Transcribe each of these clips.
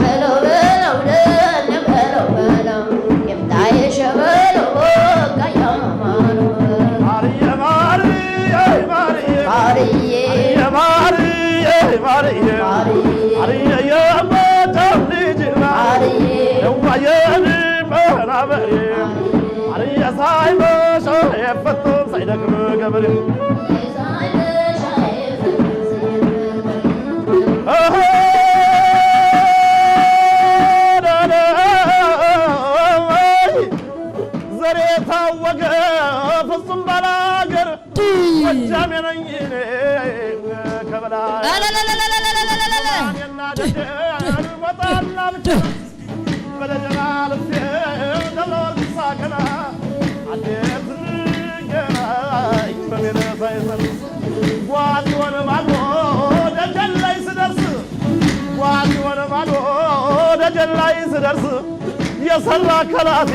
በለው በለው ደን በለው በለው የምታየሽ በለው ሳይበሰ የፈቶ ሳይደግም ገብር ጎጃሜ ነኝ ደጀን ላይ ስደርስ እየሰራ ከላቴ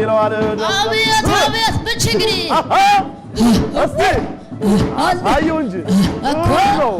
ይለዋል። አቤት አቤት ብችግሪ እስቲ አዩ እንጂ ነው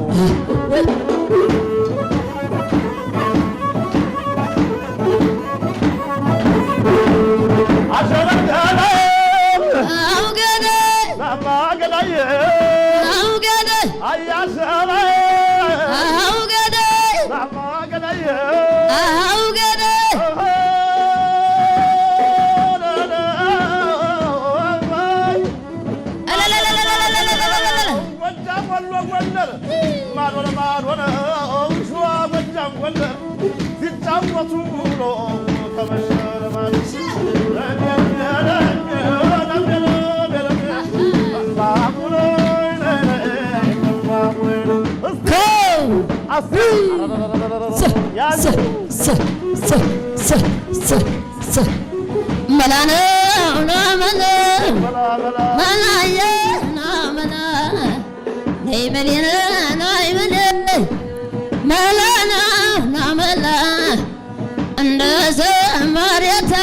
እንደ ሰማርያታ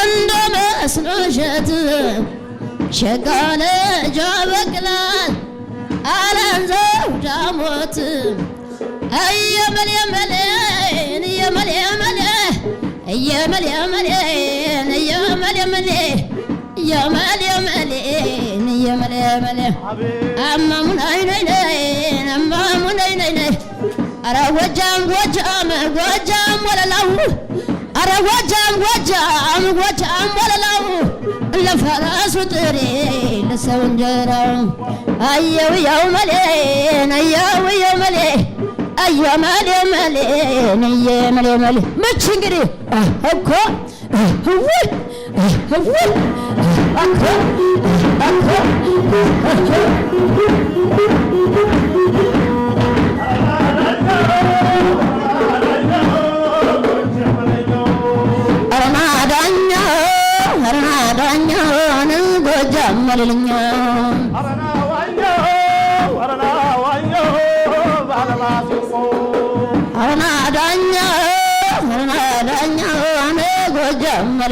እንደ መስኖ እሸት ሸጋ ልጇ በቅላል አለን እየመል የመልን እየመል የመል አረ ጎጃም ጎጃም ጎጃም ወለላው አረ ጎጃም ጎጃም ጎጃም ወለላው ለፈራሱ ጥሬ ለሰው እንጀራው አየው ያው መሌን አየው ያው መሌ እየመሌመሌ መች እንግዲህ እኮ እርናዳኛውን ጎጃም መልልኛው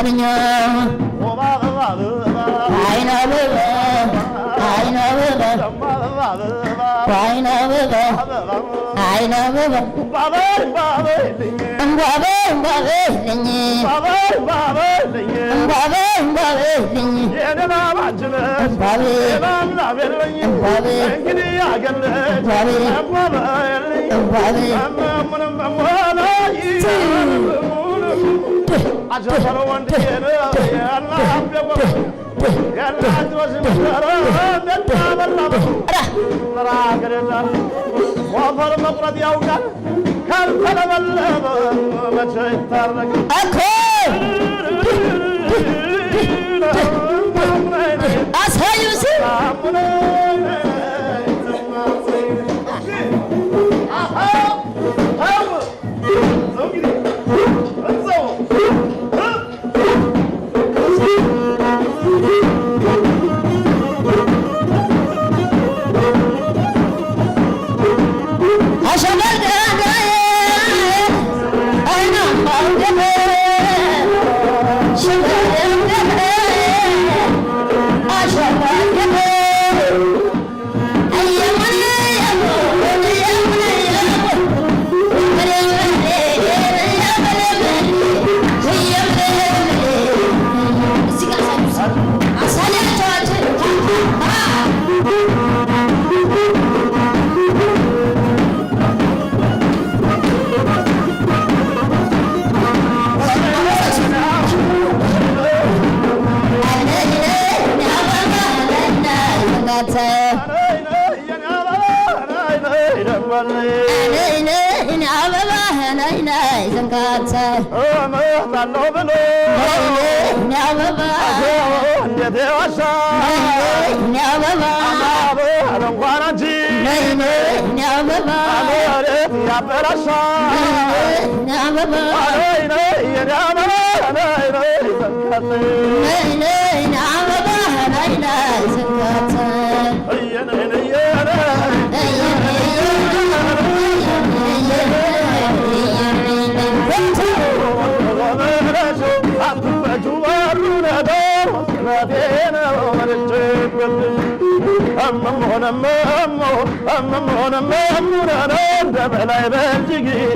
coming out. I know it I know it I know it I know it Thank you. ወፈር መቁረጥ ያውቃል ካልተለበለበ መቼ እኮ እኖራለሁ ብሎ እንዴት ዋሻ አማበር അമ്മമ്മോനമ്മേ അമ്മോ അമ്മമ്മോനമ്മേ അമ്മുരാനോന്റെ വിലയിലും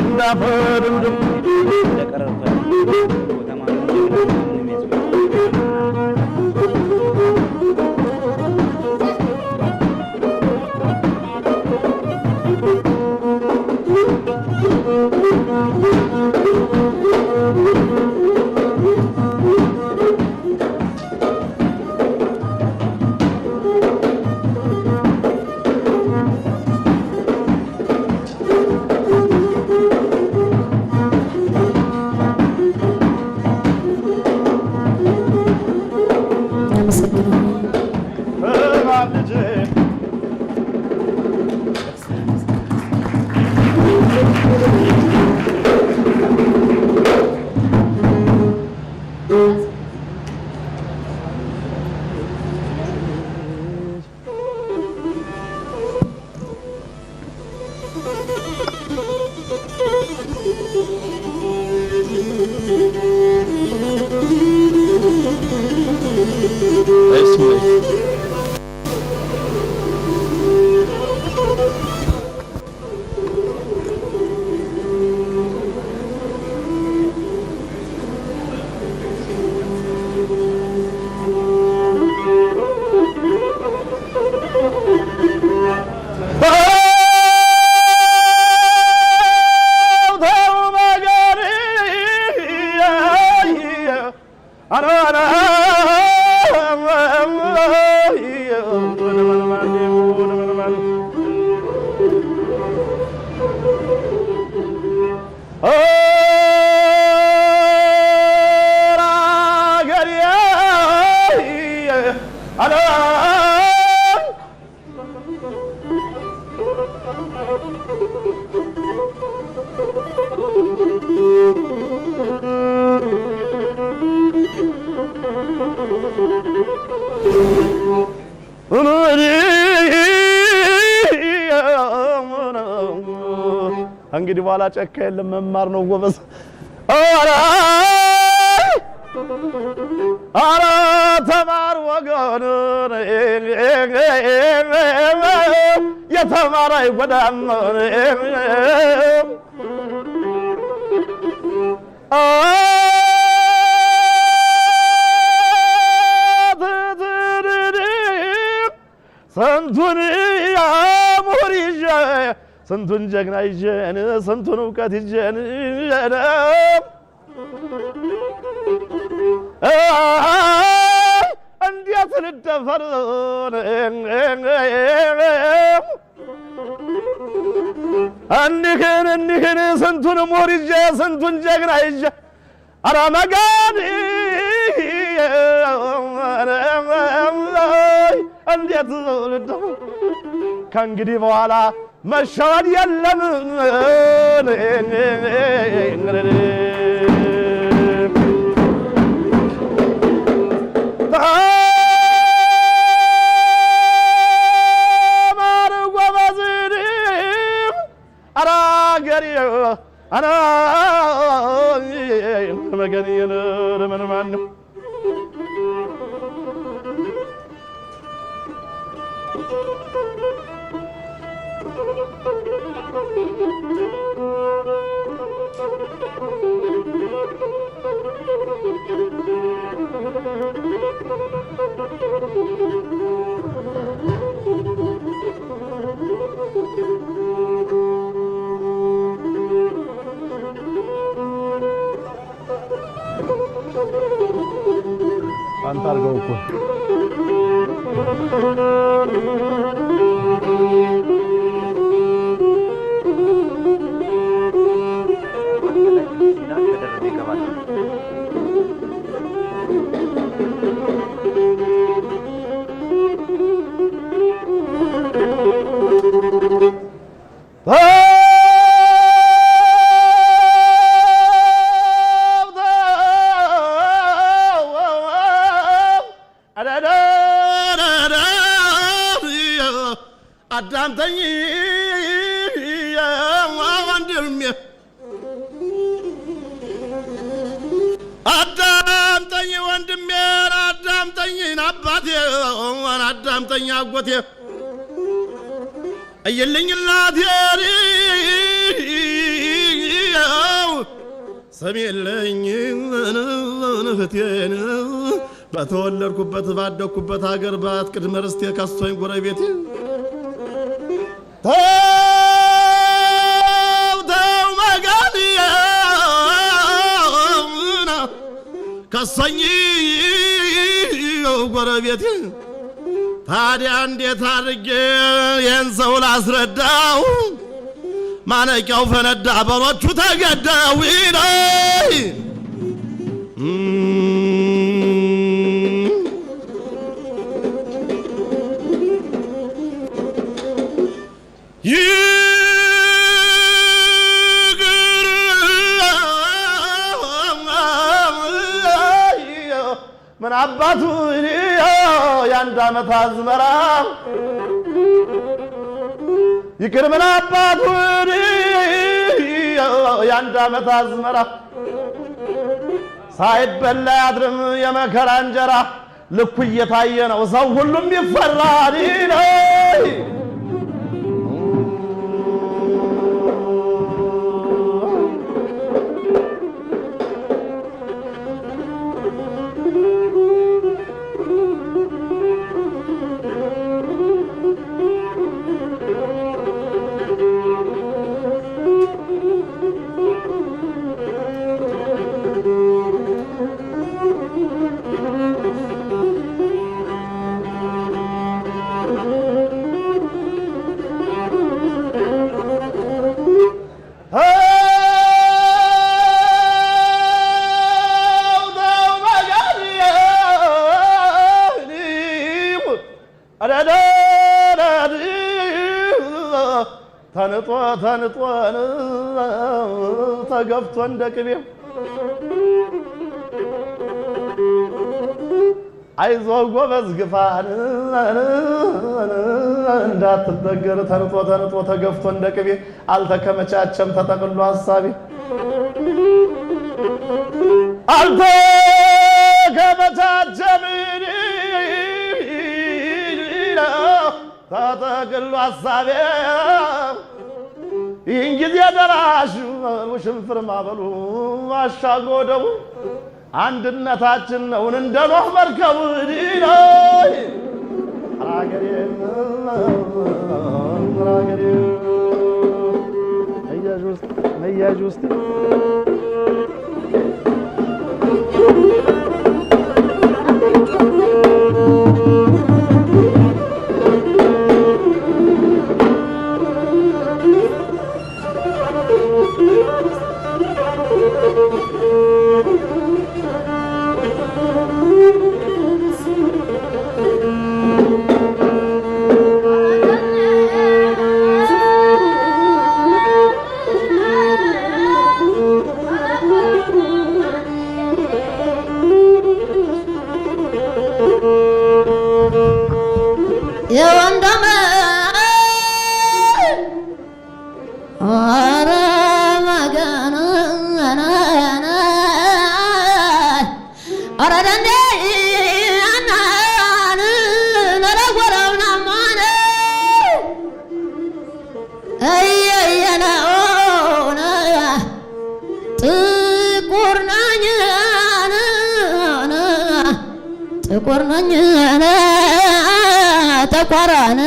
Anam! እንግዲህ በኋላ ጨካ የለም መማር ነው ጎበዝ። Aratamar o gönül Yatamar ay kodam Santunya morice Santun cegnayceni Santun ne Santun ne. እንዴት ልደፈር እኒህን እኒህን ስንቱን ምሁር ስንቱን ጀግና ይዤ ኧረ መጋኒ እንዴት ልደፈር ከእንግዲህ በኋላ መሸወድ የለም أنا ما كان ينور من معنو Thank you. targa corpo. እናቴሪ ስም የለኝ ፍቴን በተወለድኩበት ባደግኩበት ሀገር ባት ቅድመ ርስቴ ከሶኝ ጎረቤቴ ተው ተው ከሶኝ ጎረቤቴ ታዲያ እንዴት አድርጌ ይህን ሰው ላስረዳው? ማነቂያው ፈነዳ፣ በሮቹ ተገደው ይለይ የእውነት አዝመራ ይቅር ምን አባቱ የአንድ ዓመት አዝመራ ሳይበላ ያድርም የመከራ እንጀራ ልኩ እየታየ ነው ሰው ሁሉም ይፈራል። ተንጦ ተንጧን ተገፍቶ እንደ ቅቤ አይዞ ጎበዝ ግፋን እንዳትበገር ተንጦ ተንጦ ተገፍቶ እንደ ቅቤ አልተከመቻቸም ተጠቅሎ ሀሳቤ አልተከመቻቸም ተጠቅሎ ሀሳቤ እንግዲህ ጊዜ ደራሽ ውሽንፍር ማበሉ አሻጎደቡ አንድነታችን ነውን እንደ ኖህ መርከብ ዲናይ ነያዥ ውስጥ ጥቁር ነኝ እኔ ተቋራን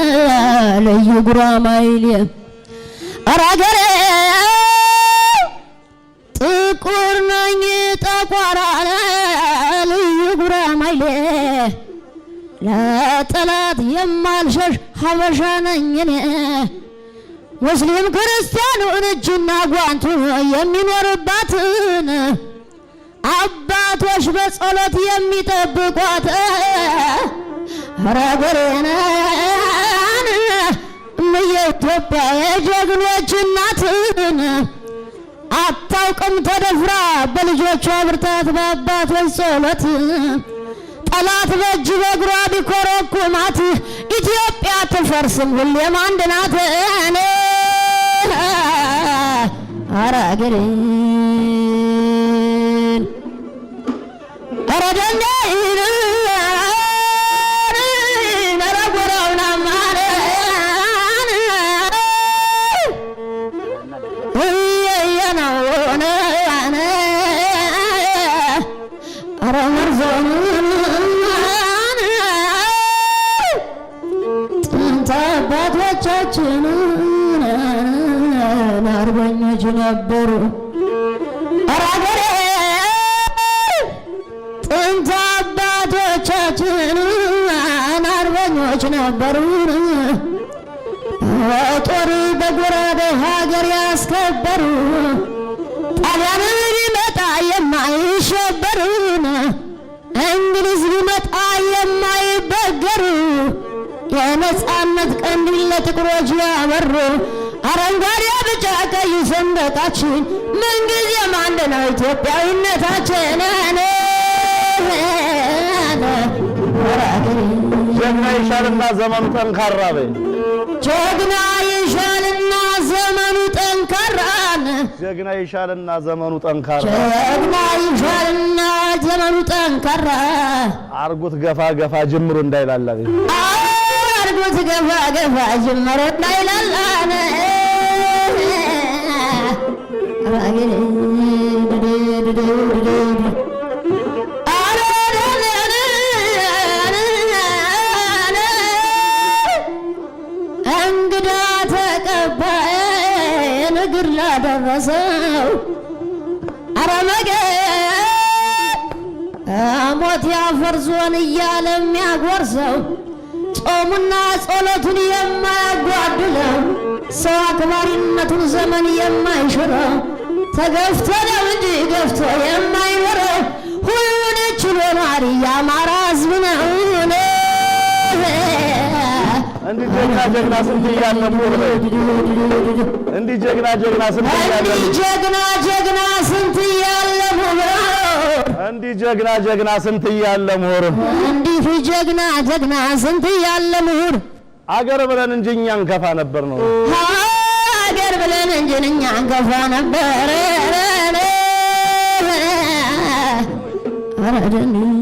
ልዩ ጉራማይሌ አራገሬ ጥቁር ነኝ ተቋራን ልዩ ጉራማይሌ ለጠላት የማልሸሽ ሀበሻ ነኝ እኔ ሙስሊም ክርስቲያኑን እጅና ጓንቱ የሚኖርባትን አባቶች በጸሎት የሚጠብቋት ረጉሬና እምዬ ኢትዮጵያ የጀግኖች እናትን አታውቅም ተደፍራ በልጆቿ ብርታት በአባቶች ጸሎት ጠላት በእጅ በእግሯ ቢኮረኩማት ኢትዮጵያ አትፈርስም ሁሌም አንድ ናት። እኔ አራግሬን ነበሩ ራገሬ ጥንት አባቶቻችን አርበኞች ነበሩ። ጦር በጎራደ ሀገር ያስከበሩ ጣሊያንን ሊመጣ የማይሸበሩን እንግሊዝ ሊመጣ የማይበገሩ የነፃነት ቀንዲል ለጥቁሮች ያበሩ አረንጓዴ ብጫ ቀይ ሰንደቃችን ምንጊዜም አንድ ነው ኢትዮጵያዊነታችን። ጀግና ይሻልና ዘመኑ ጠንካራ በይ። ጀግና ይሻልና ዘመኑ ጠንካራ ጀግና ይሻልና ዘመኑ ጠንካራ ጀግና ይሻልና ዘመኑ ጠንካራ አርጉት ገፋ ገፋ ጅምሩ እንዳይላላ አርጉት ገፋ ገፋ ጅምሩ እንዳይላላ እንግዳ ተቀባይ ንግር ላደረሰው አረመገ ሞት ያፈርሶን እያለ የሚያጎርሰው ጾሙና ጸሎቱን የማያጓድለው ሰው አክባሪነቱን ዘመን የማይሽረው ተገፍቶ ነው እንጂ ገፍቶ የማይኖረው ሁሉን ችሎ ማሪ የአማራ ነው። እንዲህ ጀግና ጀግና ስንት እንዲህ ጀግና ጀግና ስንት እያለ ጀግና ጀግና ስንት እያለ እንዲህ ጀግና ጀግና ስንት እያለ ምሁር እንዲህ ጀግና ጀግና ስንት እያለ ምሁር አገር ብለን እንጂ እኛ እንከፋ ነበር ነው እንጅንኛ አንገፋ ነበር ረደን